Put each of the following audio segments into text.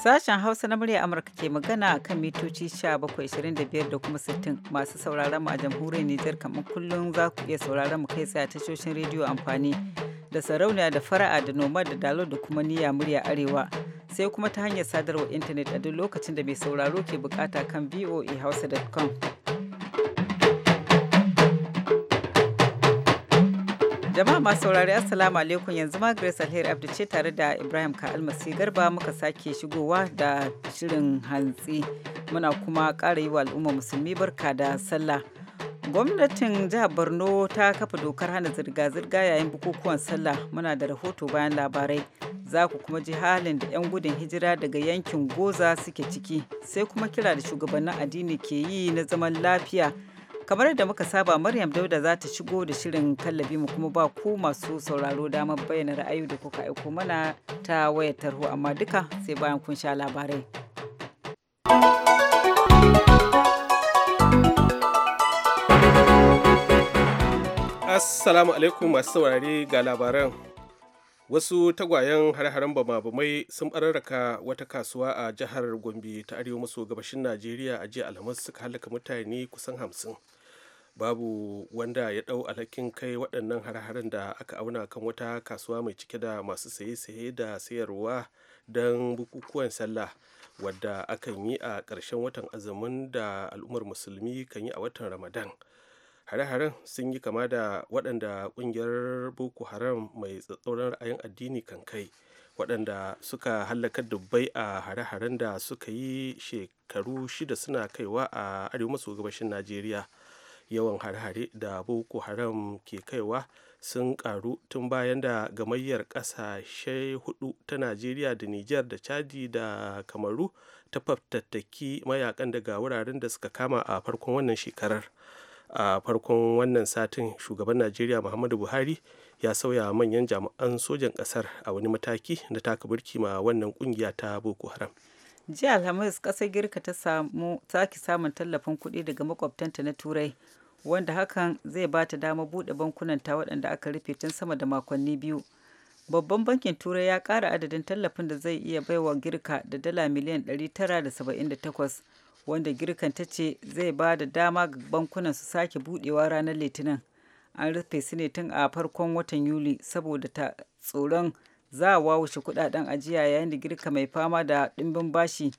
Sashen Hausa na murya Amurka ke magana a kan mitoci 1725 da kuma 60 masu sauraron mu a jamhuriyar Nijar kamar kullum za ku iya sauraron mu kai tsaye a tashoshin rediyo amfani da sarauniya da fara'a da noma da dalo da kuma niyya murya arewa sai kuma ta hanyar sadarwa intanet a duk lokacin da mai sauraro ke bukata kan voahausa.com. Jama'a masu saurari Assalamu alaikum yanzu ma Grace Alheri Abdu ce tare da Ibrahim ka almasi Garba muka sake shigowa da shirin hantsi. Muna kuma ƙara yi wa al'umma musulmi barka da sallah. Gwamnatin jihar Borno ta kafa dokar hana zirga-zirga yayin bukukuwan sallah muna da rahoto bayan labarai. Za ku kuma ji halin da 'yan gudun hijira daga yankin Goza suke ciki sai kuma kira da shugabannin addini ke yi na zaman lafiya kamar da muka saba maryam dauda za ta shigo da shirin kallabi mu kuma ba ku masu sauraro damar bayyana ra'ayi da kuka aiko mana ta wayar tarho amma duka sai bayan kun sha labarai assalamu alaikum masu saurare ga labaran wasu tagwayen har-haren bama-bamai sun bararraka wata kasuwa a jihar gombe ta arewa maso gabashin najeriya a jiya alhamis suka halaka mutane kusan hamsin babu wanda ya dau alhakin kai waɗannan har-haren da aka auna kan wata kasuwa mai cike da masu saye-saye da sayarwa don bukukuwan sallah wadda akan yi a ƙarshen watan azumin da al'ummar musulmi kan yi a watan ramadan hare-haren sun yi kama da waɗanda ƙungiyar boko haram mai tsatsauran ra'ayin addini kan kai waɗanda suka hallaka dubbai a hare-haren da suka yi shekaru shida suna kaiwa a arewa maso gabashin najeriya yawan harhare da boko haram ke kaiwa sun karu tun bayan da gamayyar kasashe hudu ta najeriya da niger da chadi da kamaru ta fattattaki mayakan daga wuraren da suka kama a farkon wannan shekarar a farkon wannan satin shugaban najeriya muhammadu buhari ya sauya manyan jami'an sojan kasar a wani mataki da taka burki ma wannan kungiya ta boko haram jiya alhamis kasar girka ta samu sake samun tallafin kuɗi daga makwabtanta na turai wanda hakan zai ba ta dama buɗe bankunanta waɗanda aka rufe tun sama da makonni biyu babban bankin turai ya ƙara adadin tallafin da zai iya baiwa girka da dala miliyan 978 wanda girkan ta ce zai ba da dama ga bankunan su sake buɗewa ranar litinin an rufe su ne tun a farkon watan yuli saboda ta tsoron za a wawushe kudaden ajiya yayin da girka mai fama da ɗimbin bashi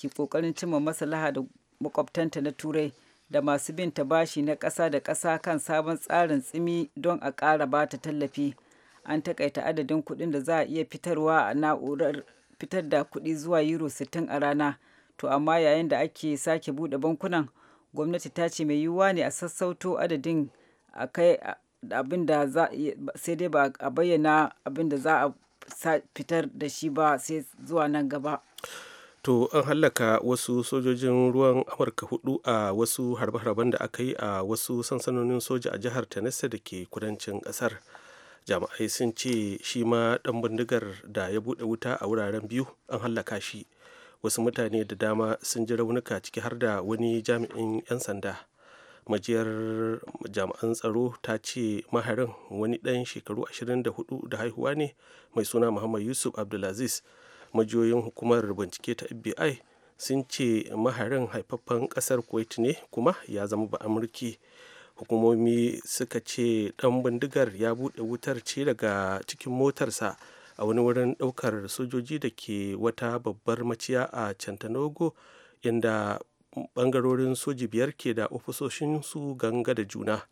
ke ƙoƙarin cimma masalaha da makwabtanta na turai da masu bin ta bashi na ƙasa da ƙasa kan sabon tsarin tsimi don a ƙara ba ta tallafi an takaita adadin kuɗin da za a iya fitarwa a na'urar fitar da kuɗi zuwa euro 60 a rana to amma yayin da ake sake buɗe bankunan gwamnati ta ce mai yiwuwa ne a sassauto adadin a kai abin da za sai dai ba a bayyana abin da za a fitar da shi ba sai zuwa nan gaba to an hallaka wasu sojojin ruwan amurka hudu a wasu harbe-harben da aka yi a wasu sansanonin soja a jihar tennessee da ke kudancin kasar jami'ai sun ce shi ma dan bindigar da ya bude wuta a wuraren biyu an hallaka shi wasu mutane da dama sun ji raunuka ciki har da wani jami'in 'yan sanda majiyar jami'an tsaro ta ce maharin wani ɗan shekaru 24 da haihuwa ne mai suna muhammad yusuf abdulaziz majiyoyin hukumar bincike ta fbi sun ce maharin haifaffen kasar kuwait ne kuma ya zama ba amurki hukumomi suka ce dan bindigar ya bude wutar ce daga cikin motarsa a wani wurin daukar sojoji da ke wata babbar maciya a cantanogo inda bangarorin soji biyar ke da ofisoshin su ganga da juna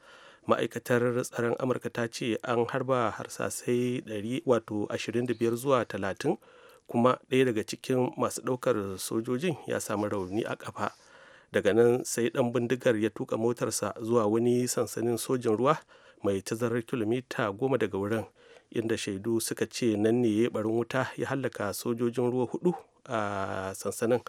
ma'aikatar tsaron amurka ta ce an harba harsasai 25 zuwa 30 kuma ɗaya daga cikin masu ɗaukar sojojin ya samu rauni a ƙafa daga nan sai ɗan bindigar ya tuka motarsa zuwa wani sansanin sojin ruwa mai tazarar kilomita goma daga wurin inda shaidu suka ce nan ne ya barin wuta ya hallaka sojojin ruwa hudu a sansanin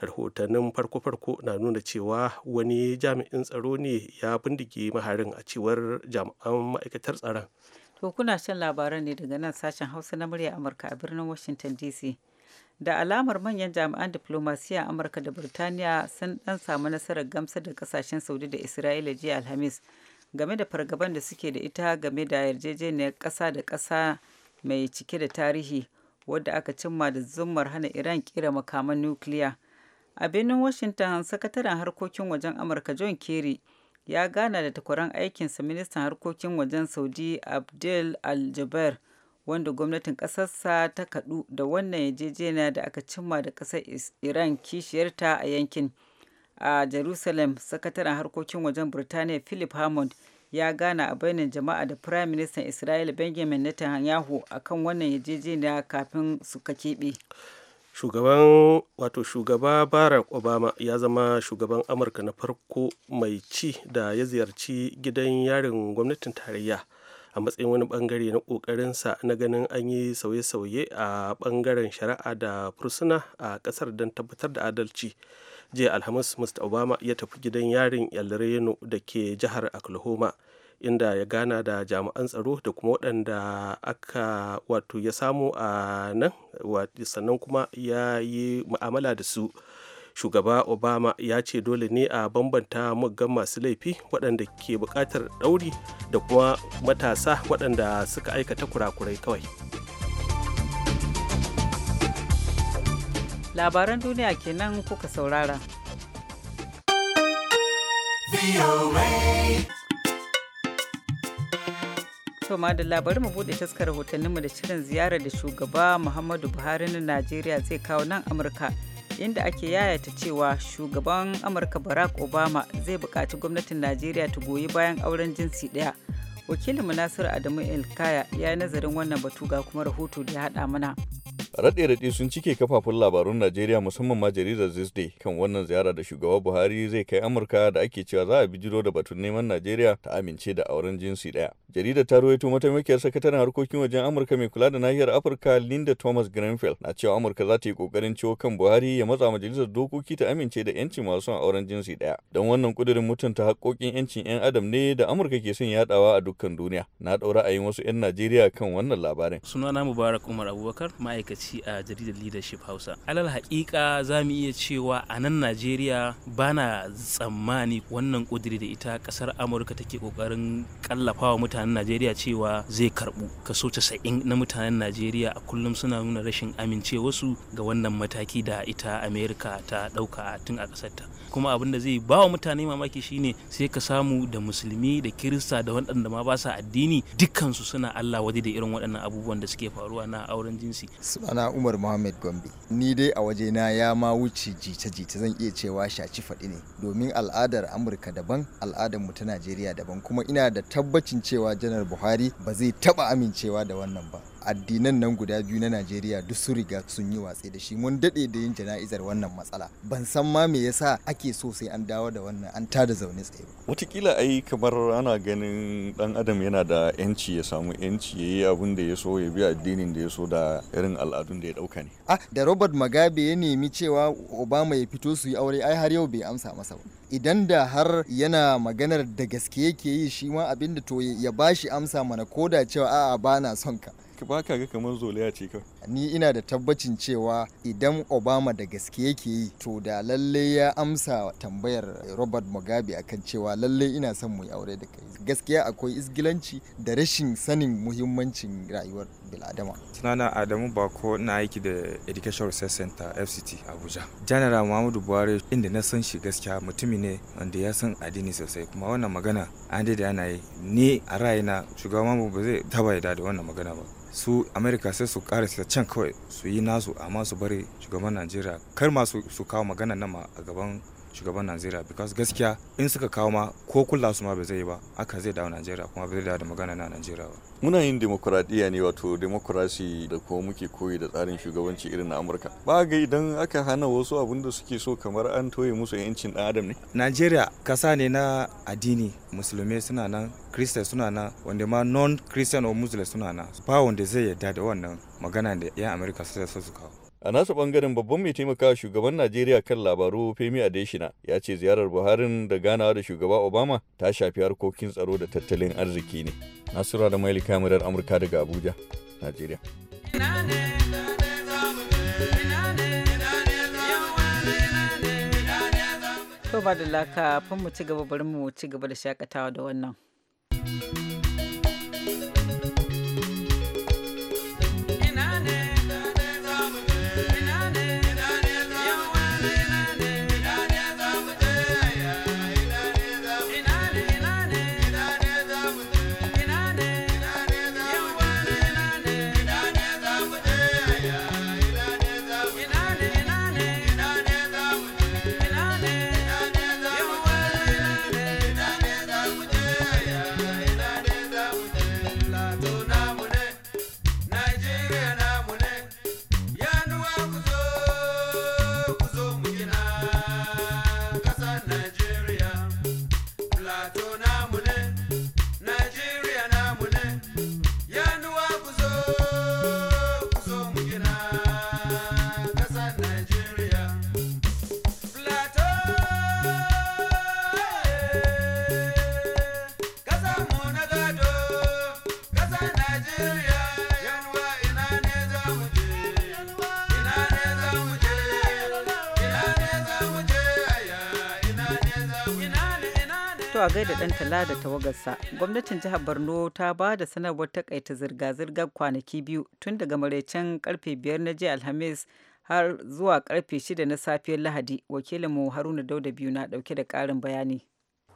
rahotannin farko-farko na nuna cewa wani jami'in tsaro ne ya bindige maharin a cewar jami'an ma'aikatar tsaron To kuna shan labaran ne daga nan sashen Hausa na murya Amurka a birnin Washington DC. Da alamar manyan jami'an diplomasiya Amurka da Birtaniya sun dan samu nasarar gamsar da kasashen Saudi da Isra'ila jiya Alhamis game da fargaban da suke da ita game da yarjejeniyar ƙasa da ƙasa mai cike da tarihi wadda aka cimma da zummar hana Iran kira makaman nukiliya. A birnin Washington, sakataren harkokin wajen Amurka John Kerry ya gana da takwaran aikinsa ministan harkokin wajen saudi abdul aljaber wanda gwamnatin ƙasarsa ta kaɗu da wannan yarjejeniya da aka cimma da ƙasar iran kishiyarta a yankin a jerusalem sakataren harkokin wajen birtaniya philip hammond ya gana a bainin jama'a da prime minister isra'ila benjamin netanyahu akan wannan yarjejeniya kafin suka keɓe shugaban wato shugaba barack obama ya zama shugaban amurka na farko mai ci da ya ziyarci gidan yarin gwamnatin tarayya a matsayin wani bangare na kokarinsa na ganin an yi sauye-sauye a bangaren shari'a da fursuna a kasar don tabbatar da adalci jiya alhamis mr obama ya tafi gidan yarin el reno da ke jihar oklahoma inda ya gana da jami'an tsaro da kuma waɗanda aka wato ya samu a nan sannan kuma ya yi mu'amala da su shugaba obama ya ce dole ne a bambanta muggan masu laifi waɗanda ke buƙatar ɗauri da kuma matasa waɗanda suka aikata kurakurai kawai labaran duniya kenan kuka saurara. to da bari mu bude taskar rahotanninmu da shirin ziyarar da shugaba Muhammadu Buhari na Najeriya zai kawo nan Amurka inda ake yayata cewa shugaban Amurka Barack Obama zai buƙaci gwamnatin Najeriya ta goyi bayan auren jinsi ɗaya. Wakilin Nasiru Adamu Elkaya ya yi nazarin wannan batu ga kuma rahoto da ya haɗa mana. Raɗe-raɗe sun cike kafafun labarun Najeriya musamman ma jaridar Zizde kan wannan ziyara da shugaba Buhari zai kai Amurka da ake cewa za a bijiro da batun neman Najeriya ta amince da auren jinsi ɗaya. Jaridar ta rawaito mataimakiyar sakataren harkokin wajen Amurka mai kula da nahiyar Afirka Linda Thomas Greenfield na cewa Amurka za ta yi kokarin ciwo kan Buhari ya matsa majalisar dokoki ta amince da yancin masu son auren jinsi ɗaya. Don wannan kudurin mutunta haƙƙoƙin yancin 'yan adam ne da Amurka ke son yaɗawa a dukkan duniya. Na a ra'ayin wasu 'yan Najeriya kan wannan labarin. Sunana Mubarak Umar Abubakar ma'aikaci lokaci a jaridar leadership hausa alal haƙiƙa za mu iya cewa a nan najeriya ba na tsammani wannan ƙudiri da ita ƙasar amurka take ƙoƙarin ƙallafa wa mutanen najeriya cewa zai karɓu kaso casa'in na mutanen najeriya a kullum suna nuna rashin amincewarsu ga wannan mataki da ita amerika ta ɗauka tun a ƙasarta kuma abin da zai ba wa mutane mamaki shine sai ka samu da musulmi da kirista da waɗanda ma ba sa addini dukkansu suna allah waje da irin waɗannan abubuwan da suke faruwa na auren jinsi sana umar muhammad gombe ni dai a waje na ya ma wuce jita-jita zan iya cewa shaci faɗi ne domin al'adar amurka daban al'adar mu ta najeriya daban kuma ina da tabbacin cewa janar buhari ba zai taɓa amincewa da wannan ba addinan nan guda biyu na najeriya duk su riga sun yi watsi da shi mun dade da yin jana'izar wannan matsala ban san ma me yasa ake so sai an dawo da wannan an ta da zaune tsaye ba watakila ai kamar ana ganin dan adam yana da yanci ya samu yanci ya yi abin da ya so ya bi addinin da ya so da irin al'adun da ya dauka ne ah da robert mugabe ya nemi cewa obama ya fito su yi aure ai har yau bai amsa masa ba idan da har yana maganar da gaske yake yi shi ma abin da to ya bashi amsa mana koda cewa a'a bana son ka ba ka ga kamar zoliya ce kawai ni ina da tabbacin cewa idan obama da gaske yake yi to da lalle ya amsa tambayar robert mugabe akan cewa lalle ina son mu aure da kai gaskiya akwai isgilanci da rashin sanin muhimmancin rayuwar bil'adama sunana adamu bako na aiki da education research center fct abuja janara muhammadu buhari inda na san shi gaskiya mutumi ne wanda ya san addini sosai kuma wannan magana an da ana yi ni a ra'ayina shugaban ba zai taba yada da wannan magana ba su america sai su su can kawai su yi nasu amma su bari shugaban najeriya kar masu su kawo magana nan a gaban shugaban najeriya because gaskiya in suka kawo ma ko kula su ma ba zai ba aka zai dawo najeriya kuma bai zai dawo da magana na najeriya ba muna yin demokuraɗiyya ne wato demokrasi da kuma muke koyi da tsarin shugabanci irin na amurka ba ga idan aka hana wasu abin da suke so kamar an toye musu yancin ɗan adam ne najeriya kasa ne na addini musulmai suna nan kristai suna nan wanda ma non christian or muslim suna nan ba wanda zai yarda da wannan magana da 'yan amurka su kawo A nasa bangaren babban mai taimaka shugaban Najeriya kan labaru Femi Adeshina ya ce ziyarar Buharin da ganawa da shugaba Obama ta shafi harkokin tsaro da tattalin arziki ne. Nasura da Maili kamarar Amurka daga Abuja, Najeriya. To ba da laka, mu ci gaba bari mu ci gaba da shakatawa da wannan. To a gaida ɗan tala da tawagarsa, gwamnatin jihar Borno ta ba da sanarwar takaita zirga-zirgar kwanaki biyu tun daga maraicen karfe biyar na jiya Alhamis har zuwa karfe shida na safiyar Lahadi. Wakilinmu Haruna Dauda biyu na dauke da ƙarin bayani.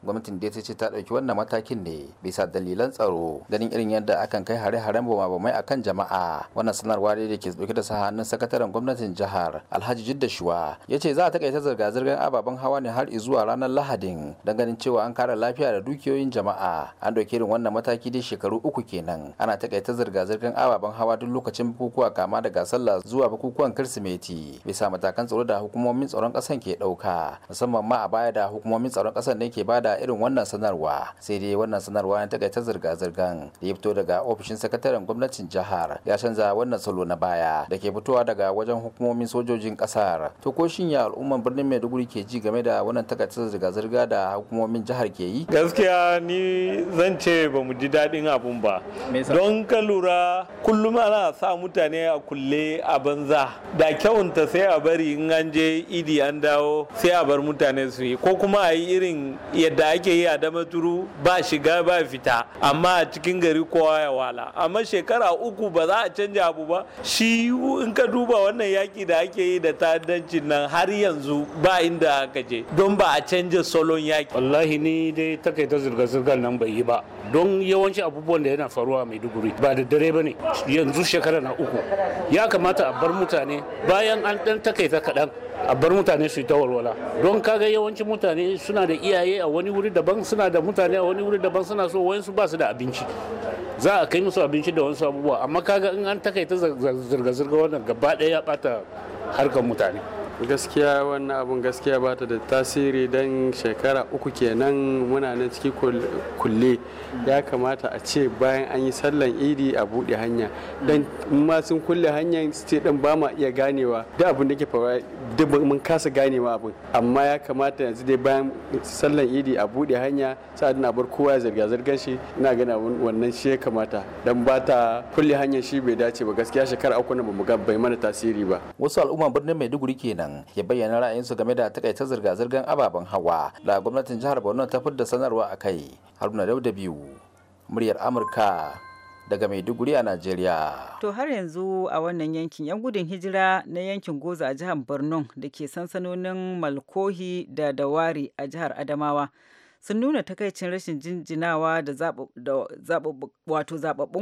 gwamnatin dai ta ce ta ɗauki wannan matakin ne bisa dalilan tsaro ganin irin yadda akan kai hare-haren bamai a kan jama'a wannan sanarwa ne da ke ɗauke da sahanin sakataren gwamnatin jihar alhaji jidda shuwa ya ce za a takaita zirga-zirgar ababen hawa ne har zuwa ranar lahadin don ganin cewa an kare lafiya da dukiyoyin jama'a an ɗauki irin wannan mataki dai shekaru uku kenan ana takaita zirga-zirgar ababen hawa duk lokacin bukukuwa kama daga sallah zuwa bukukuwan kirsimeti bisa matakan tsaro da hukumomin tsaron ƙasan ke ɗauka musamman ma a baya da hukumomin tsaron ƙasan ne ke bada da irin wannan sanarwa sai dai wannan sanarwa ta takaita zirga-zirgan da ya fito daga ofishin sakataren gwamnatin jihar ya canza wannan salo na baya da ke fitowa daga wajen hukumomin sojojin kasar to ko shin ya al'umman birnin maiduguri ke ji game da wannan ta zirga-zirga da hukumomin jihar ke yi gaskiya ni zan ce ba mu ji daɗin abun ba don ka lura kullum ana sa mutane a kulle a banza da kyawunta sai a bari in an je idi an dawo sai a bar mutane su yi ko kuma a yi irin yadda yadda ake yi a damaturu ba shiga ba fita amma a cikin gari kowa ya wala amma shekara uku ba za a canja abu ba shi in ka duba wannan yaki da ake yi da ta'addancin nan har yanzu ba inda aka je don ba a canja salon yaki wallahi ni dai takaita zirga-zirgar nan bai yi ba don yawanci abubuwan da yana faruwa mai duguri ba da dare ba ne yanzu shekara na uku ya kamata a bar mutane bayan an dan takaita kaɗan a bar mutane su yi ta walwala don kaga yawancin mutane suna da iyaye a wani wuri daban suna da mutane a wani wuri daban suna so wayansu ba su da abinci za a kai musu abinci da wasu abubuwa amma kaga in an takaita zirga-zirga wannan gaba ɗaya ya bata harkar mutane gaskiya wannan abun gaskiya ba ta da tasiri don shekara uku kenan muna nan ciki kulle ya kamata a ce bayan an yi sallan idi a buɗe hanya don ma sun kulle hanyar ce din ba ma iya ganewa duk abin da ke fara duk mun kasa ganewa abin amma ya kamata yanzu dai bayan sallan idi a buɗe hanya sa'ad na bar kowa ya zirga-zirgar shi ina gani wannan shi ya kamata don ba ta kulle hanyar shi bai dace ba gaskiya shekara uku na ba mu ga bai mana tasiri ba wasu al'umma birnin maiduguri kenan nan ya bayyana ra'ayinsu game da takaita zirga-zirgar ababen hawa da gwamnatin jihar borno ta fidda sanarwa a kai haruna dauda biyu muryar amurka daga maiduguri a najeriya to har yanzu a wannan yankin yan gudun hijira na yankin goza a jihar borno da ke sansanonin malkohi da dawari a jihar adamawa sun nuna takaicin rashin jinjinawa da zababbun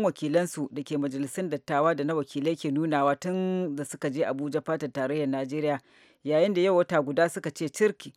wakilansu da ke majalisun dattawa da na wakilai ke nunawa tun da suka je abuja fatar tarayyar najeriya yayin da yau wata guda suka ce cirki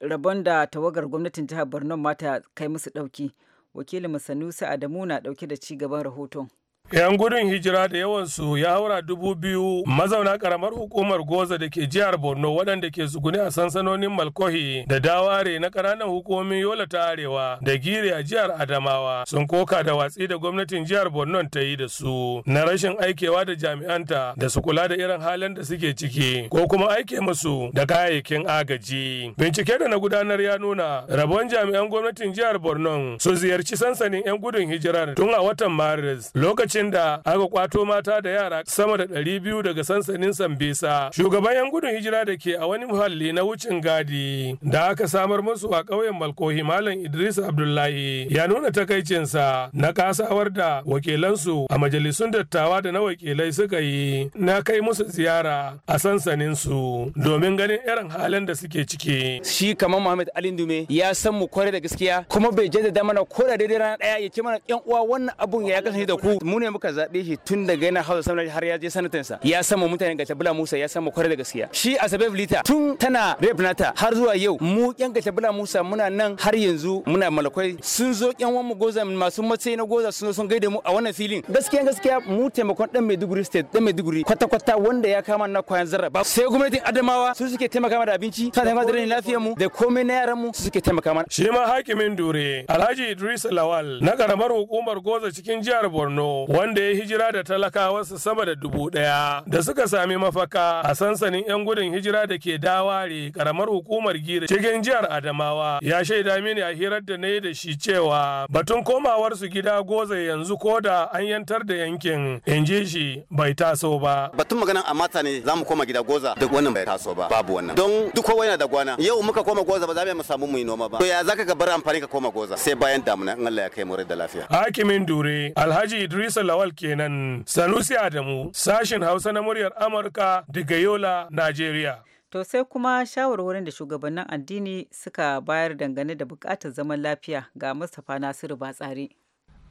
rabon da tawagar gwamnatin jihar borno mata kai musu ɗauki, wakilin sanusi adamu na ɗauke da ci gaban rahoton 'Yan gudun hijira da yawansu ya haura dubu biyu mazauna karamar hukumar Goza da ke jihar Borno waɗanda ke zugune a sansanonin Malkohi da Daware na ƙananan hukumomin Yola ta Arewa da Giri a jihar Adamawa sun koka da watsi da gwamnatin jihar Borno ta yi da su na rashin aikewa da jami'anta da su kula da irin halin da suke ciki ko kuma aike musu da kayayyakin agaji. Bincike da na gudanar ya nuna rabon jami'an gwamnatin jihar Borno sun ziyarci sansanin 'yan gudun hijirar tun a watan Maris lokacin inda aka kwato mata da yara sama da ɗari biyu daga sansanin Sambisa. Shugaban 'yan gudun hijira da ke a wani muhalli na wucin gadi da aka samar musu a ƙauyen Malkohi Malam Idris Abdullahi ya nuna takaicinsa na kasawar da wakilansu a majalisun dattawa da na wakilai suka yi na kai musu ziyara a sansanin su domin ganin irin halin da suke ciki. Shi kamar Muhammad Ali Dume ya san mu kware da gaskiya kuma bai jaddada mana ko da daidai rana ɗaya ya ce mana 'yan uwa wannan abun ya kasance da ku ne muka zaɓe shi tun daga yana hausa sanar har ya je sanatansa ya sama mutane ga tabula musa ya sama kwarai da gaskiya shi a sabab lita tun tana rep nata har zuwa yau mu yan ga tabula musa muna nan har yanzu muna malakwai sun zo yan wani mu goza masu matsayi na goza sun zo sun gaida mu a wannan filin gaskiya gaskiya mu taimakon dan maiduguri state dan maiduguri kwata kwata wanda ya kama na kwayan zarraba sai gwamnatin adamawa su suke taimaka mana da abinci ta taimaka da lafiyar mu da komai na yaran mu su suke taimaka mana shi ma hakimin dure alhaji idris lawal na karamar hukumar goza cikin jihar borno wanda ya hijira da talakawarsa sama da dubu ɗaya da suka sami mafaka a sansanin 'yan gudun hijira da ke daware karamar hukumar gida cikin jihar Adamawa ya shaida mini a hirar da na yi da shi cewa batun komawar su gida goza yanzu ko da an yantar da yankin in ji shi bai taso ba. Batun magana a mata ne za mu koma gida goza duk wannan bai taso ba babu wannan don duk kowa yana da gwana yau muka koma goza ba za mu samu mu yi noma ba to ya zaka ka bar amfani ka koma goza sai bayan damuna in Allah ya kai mu da lafiya. Hakimin Dure Alhaji Idrisa Lawal kenan. Sanusi Adamu, sashen Hausa na muryar Amurka daga Yola, Najeriya. To sai kuma shawarwarin da shugabannin addini suka bayar dangane da bukatar zaman lafiya ga Mustapha Nasiru Batsari.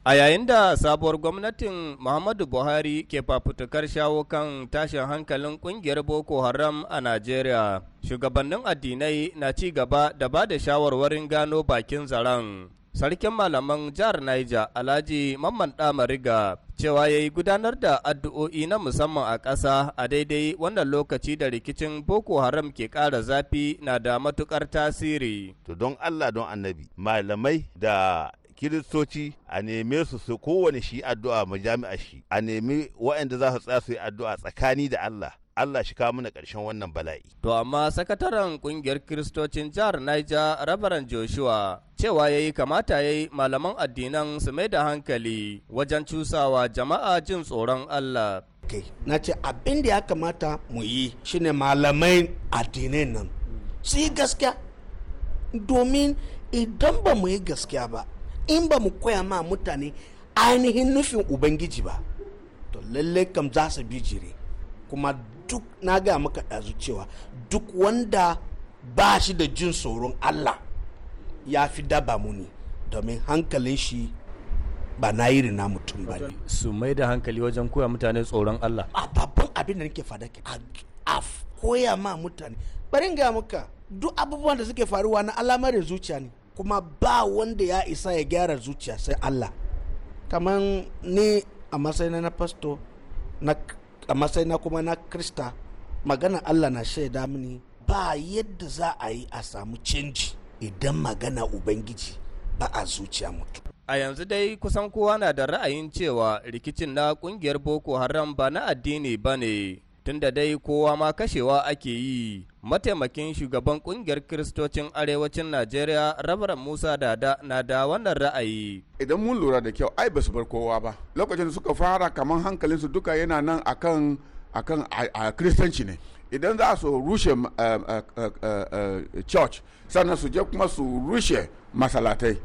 A yayin da sabuwar gwamnatin Muhammadu Buhari ke fafutukar shawo kan tashin hankalin kungiyar Boko Haram a Najeriya, shugabannin addinai na ci gaba da ba da shawarwarin gano bakin zaren. sarkin malaman jihar Niger Alhaji Mamman Damariga cewa ya yi gudanar da addu'o'i na musamman a ƙasa a daidai wannan lokaci da rikicin Boko Haram ke ƙara zafi na da matuƙar tasiri. To don Allah don annabi malamai da kiristoci a neme su su kowane shi addu'a majami'a shi a nemi waɗanda za su tsaya su yi addu'a tsakani da Allah Allah shi kawo mana ƙarshen wannan bala'i. To amma sakataren ƙungiyar Kiristocin jihar Niger Rabaran Joshua cewa ya yi kamata ya yi malaman addinan su mai da hankali wajen cusawa jama'a jin tsoron Allah. Okay. Na ce abin da ya kamata mu yi shine malamai addinai nan su yi gaskiya domin idan ba mu yi gaskiya ba in ba mu koya ma mutane ainihin nufin Ubangiji ba to lallai kam za su bi jire kuma duk na gaya maka ɗazu cewa duk wanda ba shi da jin tsoron allah ya fi daba muni domin hankalin shi ba na yi na mutum ba ne su mai da hankali wajen koya mutane tsoron allah a babban abin da nake fada a koya ma mutane bari ga muka duk abubuwan da suke faruwa na alamar zuciya ne kuma ba wanda ya isa ya gyara zuciya sai allah kamar ni a matsayin na fasto na a matsayina kuma na krista magana allah na shaida mini ba yadda za a yi a samu canji idan magana ubangiji ba a zuciya mutum a yanzu dai kusan kowa na da ra'ayin cewa rikicin na kungiyar boko haram ba na addini ba ne tunda dai kowa ma kashewa ake yi mataimakin shugaban kungiyar kiristocin arewacin najeriya rabaran musa dada na da wannan ra'ayi idan mun lura da kyau ai basu bar kowa ba lokacin da suka fara kamar hankalinsu duka yana nan akan akan a kiristanci ne idan za su rushe eh, eh, eh, church sannan su je kuma su rushe masalatai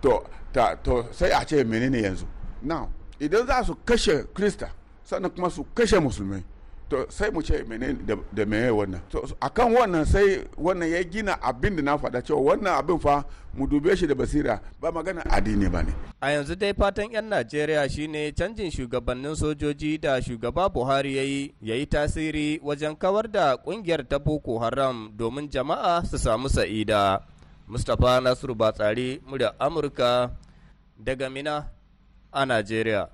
to sai a ce menene yanzu now idan za su kashe krista sannan kuma su kashe musulmai to sai mu ce mene da meye wannan to akan wannan sai wannan ya gina abin da na faɗa cewa wannan abin fa mu dube shi da basira ba magana addini ba ne a yanzu dai fatan yan najeriya shine canjin shugabannin sojoji da shugaba buhari yayi yayi tasiri wajen kawar da kungiyar ta boko haram domin jama'a su samu sa'ida mustapha nasiru batsari murya amurka daga mina a najeriya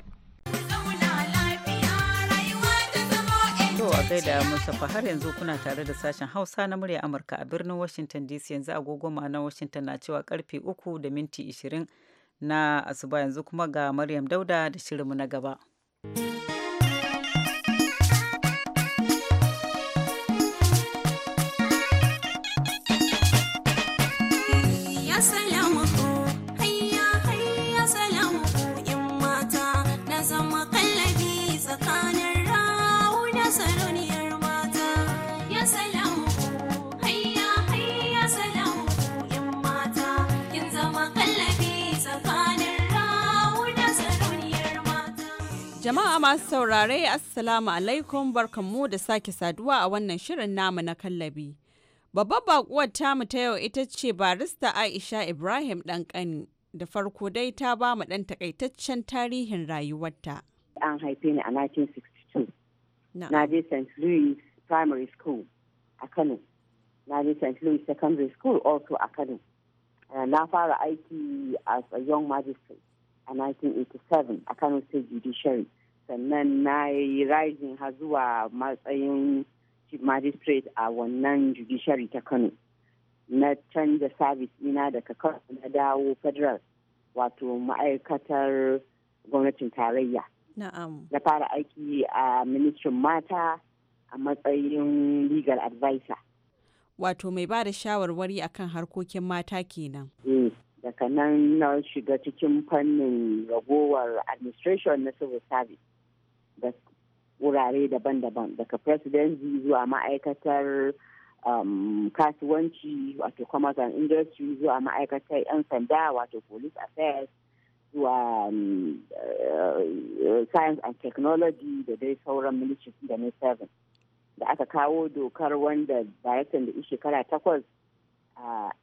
yau a gaida Mustapha har yanzu kuna tare da sashen Hausa na murya Amurka a birnin Washington DC yanzu agogo ma'anar Washington na cewa karfe 3 da minti 20 na asuba yanzu kuma ga Maryam Dauda da shirinmu na gaba. masu saurare Assalamu alaikum barkanmu da sake saduwa a wannan shirin namu na kallabi. Babbar bakuwar tamu ta yau ita ce barista Aisha Ibrahim ɗanƙani. Da farko dai ta ba mu ɗan takaitaccen tarihin rayuwarta. An haife ni a 1962. Na je St. Louis Primary School a Kano. Na je St. Louis Secondary School also a Kano. Uh, na fara aiki as a young magistrate a 1987 a Kano State Judiciary. sannan na yi rising har zuwa matsayin chief magistrate a wannan judiciary ta kano na canza service ina daga kano na dawo federal wato ma'aikatar gwamnatin tarayya na fara aiki a ministrin mata a matsayin legal advisor wato mai ba da shawarwari akan harkokin mata kenan eh, daga nan na shiga cikin fannin ragowar administration na civil service da wurare daban-daban daga presidency zuwa ma'aikatar um, kasuwanci wato commerce and industry zuwa ma'aikatar 'yan sanda wato police affairs zuwa um, eh, science and technology da dai sauran ministry da na seven da aka kawo dokar wanda director da shekara takwas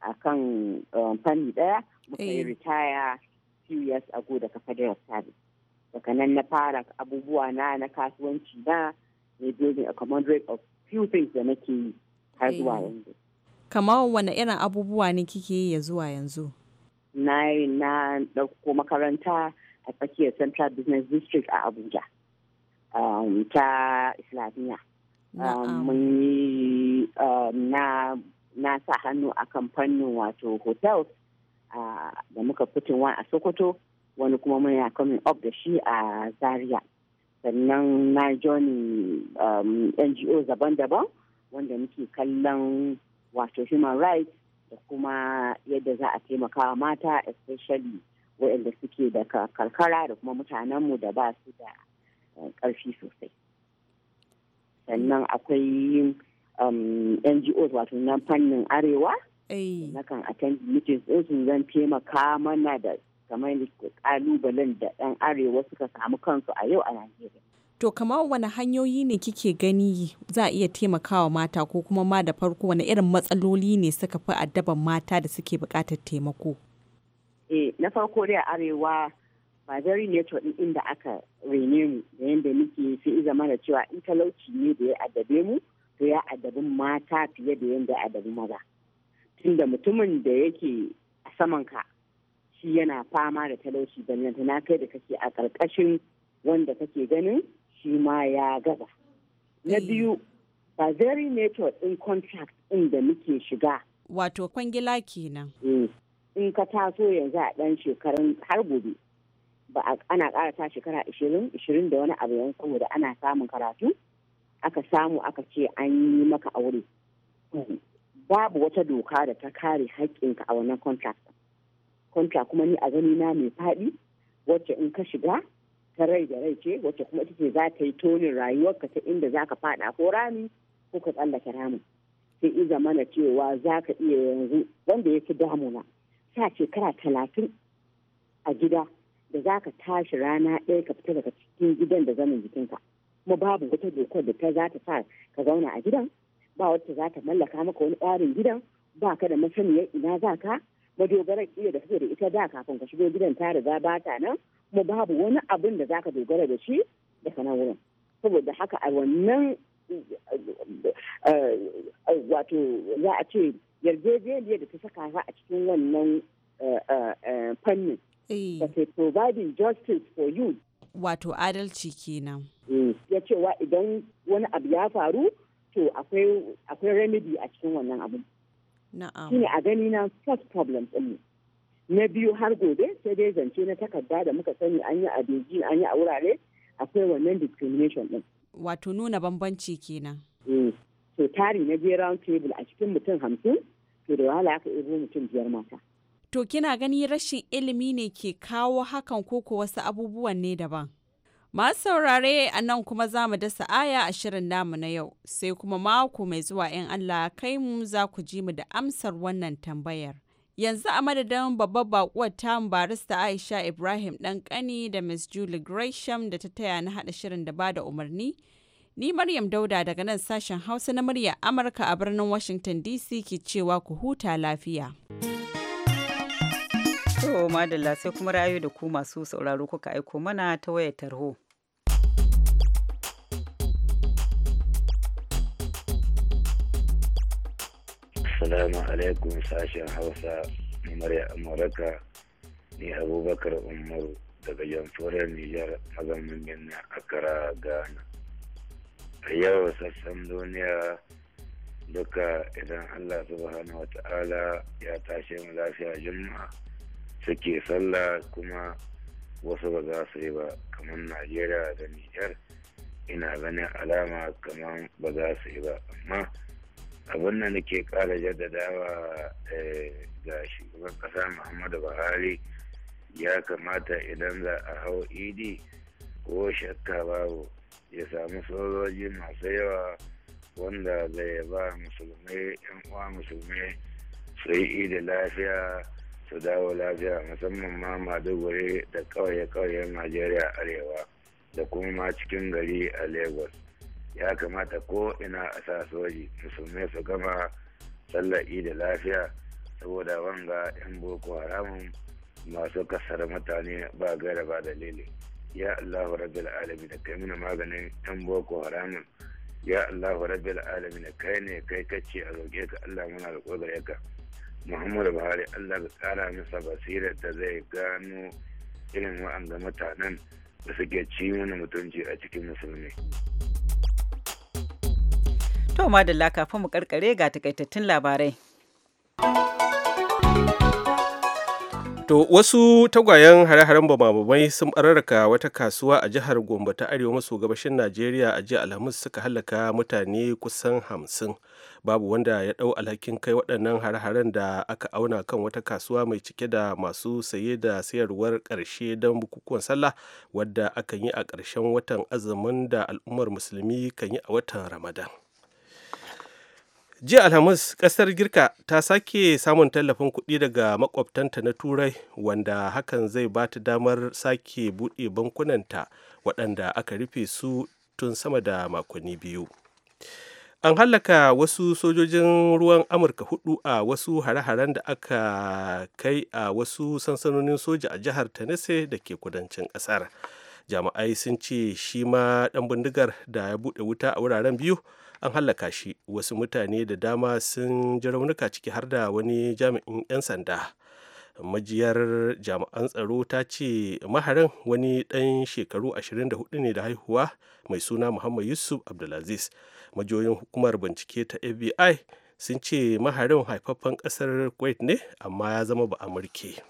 akan a kan um, fanni daya muka eh. retire few years ago daga federal service daga nan na fara abubuwa na na kasuwanci na ne building a commonwealth of few things da nake yi har zuwa eh. yanzu kamar wane irin abubuwa ne kike yi ya zuwa yanzu na yi na ɗauko makaranta a tsakiyar central business district a abuja um, ta islamiyya um, mun yi um, na sa hannu a kamfanin wato hotels uh, da muka fitin a sokoto wani kuma muna coming up da shi a zaria sannan na joni um, ngo daban-daban wanda muke kallon wato human rights da kuma yadda za a taimakawa mata especially waɗanda suke da karkara da kuma mutanenmu da ba su da eh, ƙarfi sosai sannan akwai um, ngos wato nan fannin arewa nakan attend meetings ɗinsu zan taimaka mana da kamar kalubalen da 'yan arewa suka samu kansu a yau a Najeriya. To kamar wani hanyoyi ne kike gani za a iya taimakawa mata ko kuma ma da farko wani irin matsaloli ne suka fi addaban mata da suke buƙatar taimako? Eh, na farko dai a arewa ba very nature din inda aka rene mu da yadda muke sai zama da cewa in talauci ne da ya addabe mu to ya addabi mata fiye da yadda ya addabi maza. Tunda mutumin da yake a saman ka shi yana fama da talauci ballanta na kai da kake a ƙarƙashin wanda kake ganin shi ma ya gaba. Na eh. biyu, ba very nature in contract in da muke shiga. Wato kwangila kenan. Eh, in ka taso yanzu a ɗan shekarun har gobe. Ba ana ƙara ta shekara ishirin ishirin da wani abu yan saboda ana samun karatu. Aka samu aka ce an yi maka aure. Babu wata doka da ta kare haƙƙinka a wannan contract. kwanta kuma ni a gani na mai faɗi wacce in ka shiga ta rai da rai ce wacce kuma ita ce za ta yi tonin rayuwar ka ta inda za ka faɗa ko rami ko ka tsallaka ramin sai in na cewa za ka iya yanzu wanda ya fi damuna sa shekara talatin a gida da za ka tashi rana ɗaya ka fita daga cikin gidan da zaman jikinka kuma babu wata dokar da ta za ta sa ka zauna a gidan ba wacce za ta mallaka maka wani tsarin gidan ba ka da masaniyar ina za ka madogarar iya da kake da ita da kafin ka shigo gidan ta riga ba ta nan kuma babu wani abin da zaka dogara da shi da nan wurin saboda haka a wannan eh, eh, wato za a ce yarjejeniyar da ta saka ka a cikin wannan eh, fannin da ke providing justice for you wato adalci kenan mm. ya cewa idan wani abu ya faru to akwai remedy a cikin wannan abin shine a gani na first problem ɗinmu. Na biyu har gobe sai dai zance na takarda da muka sani an yi a Beijing an yi a wurare akwai wannan discrimination ɗin. Wato nuna bambanci kenan. Eh, to tari na je round table a cikin mutum hamsin to da wahala aka ebo mutum biyar mata. To kina gani rashin ilimi ne ke kawo hakan ko wasu abubuwan ne daban? Masu saurare a nan kuma za mu dasa aya a shirin namu na yau, sai kuma mako mai zuwa ‘yan Allah kai mu za ku ji mu da amsar wannan tambayar. Yanzu a madadin babbar bakuwar tamu barista Aisha Ibrahim ɗanƙani da Miss Julie Gresham da ta taya na haɗa shirin da ba da umarni. Ni Maryam Dauda daga nan sashen Hausa na murya Amurka a birnin Washington DC ke cewa ku huta lafiya. To, madalla sai kuma rayu da ku masu sauraro kuka aiko mana ta wayar tarho. Assalamu alaikum sashen Hausa murya Amurka ni Abubakar Umaru daga jamfurar Nijar mazamin birnin Akara Ghana. A yau sassan duniya duka idan Allah subhanahu Ta'ala ya tashe mu lafiya juma'a suke sallah kuma wasu ba za su yi ba kamar Najeriya da Nijar ina ganin alama kamar ba za su yi ba amma abin da ke kara jaddadawa eh, ga shugaban kasa muhammadu buhari ya kamata idan za a hau idi e ko shakka babu ya samu sojoji masu yawa wanda zai ba musulmai yan uwa musulmai su yi idi e lafiya su dawo lafiya musamman ma maduguri da ƙauye-ƙauyen najeriya arewa da kuma ma cikin gari a lagos ya kamata ko ina a sa soji musulmi su gama sallar da lafiya saboda wanga yan boko haramun masu kasar mutane ba gaira ba dalili ya allahu rabbil alamin da kai mana maganin yan boko haramun ya allahu rabbil alamin da kai ne kai kace a roƙe ka allah muna da ƙogar yaka muhammadu buhari allah ka ƙara masa basira da zai gano irin wa'anga mutanen da suke ci mana mutunci a cikin musulmi. To madalla kafin mu karkare ga takaitattun labarai. To wasu tagwayen hare-haren bababai sun bararraka wata kasuwa a jihar Gombe ta Arewa maso gabashin Najeriya a jiya Alhamis suka halaka mutane kusan hamsin. Babu wanda ya ɗau alhakin kai waɗannan hare-haren da aka auna kan wata kasuwa mai cike da masu saye da sayarwar ƙarshe don bukukuwan sallah wadda aka yi a ƙarshen watan azumin da al'ummar musulmi kan yi a watan Ramadan. jiya alhamis kasar girka ta sake samun tallafin kuɗi daga makwabtanta na turai wanda hakan zai ba ta damar sake buɗe bankunanta waɗanda aka rufe su tun sama da makonni biyu an hallaka wasu sojojin ruwan amurka hudu a wasu hare-haren da aka kai a wasu sansanonin soja a jihar tennessee da ke kudancin kasar jami'ai sun ce shi ma ɗan bindigar da ya buɗe wuta a wuraren biyu an hallaka shi wasu mutane da dama sun ji raunuka ciki har da wani jami'in 'yan sanda majiyar jami'an tsaro ta ce maharin wani ɗan shekaru 24 ne da haihuwa mai suna muhammad yusuf abdulaziz majiyoyin hukumar bincike ta fbi sun ce maharin haifaffen ƙasar kuwait ne amma ya zama ba amurke.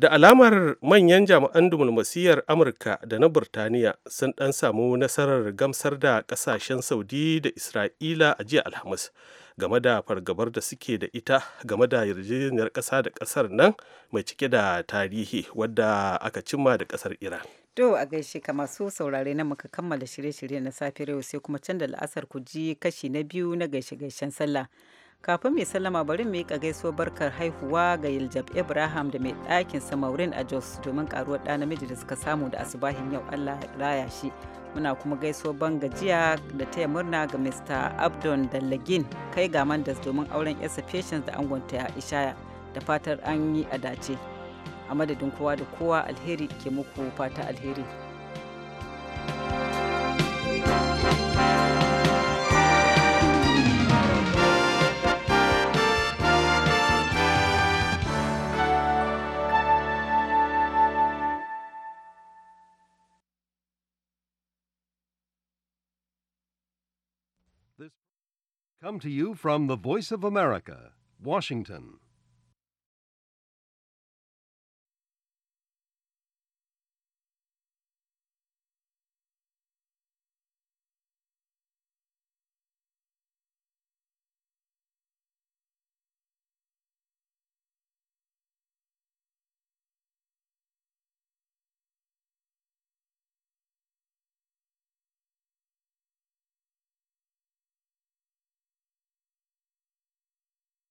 da alamar manyan jami'an dumulmasiyar amurka da na burtaniya sun ɗan samu nasarar gamsar da ƙasashen saudi da isra'ila a jiya alhamis game da fargabar da suke da ita game da yarjejeniyar ƙasa da ƙasar nan mai cike da tarihi wadda aka cimma da ƙasar iran To a gaishe ka masu saurare na muka kammala shirye-shirye na safiyar yau sai kuma can da la'asar ku ji kashi na biyu na gaishe-gaishen sallah. kafin mai sallama bari ka gaiso barkar haihuwa ga yiljab ibrahim da mai ɗakin samaurin a jos domin karuwar ɗa namiji da suka samu da asubahin yau allah raya shi muna kuma gaisuwar ban gajiya da taya murna ga mr abdon dallagin kai ga mandas domin auren yasa patience da angonta ishaya da fatar an yi a dace a madadin kowa da kowa alheri ke muku fata alheri Come to you from the Voice of America, Washington.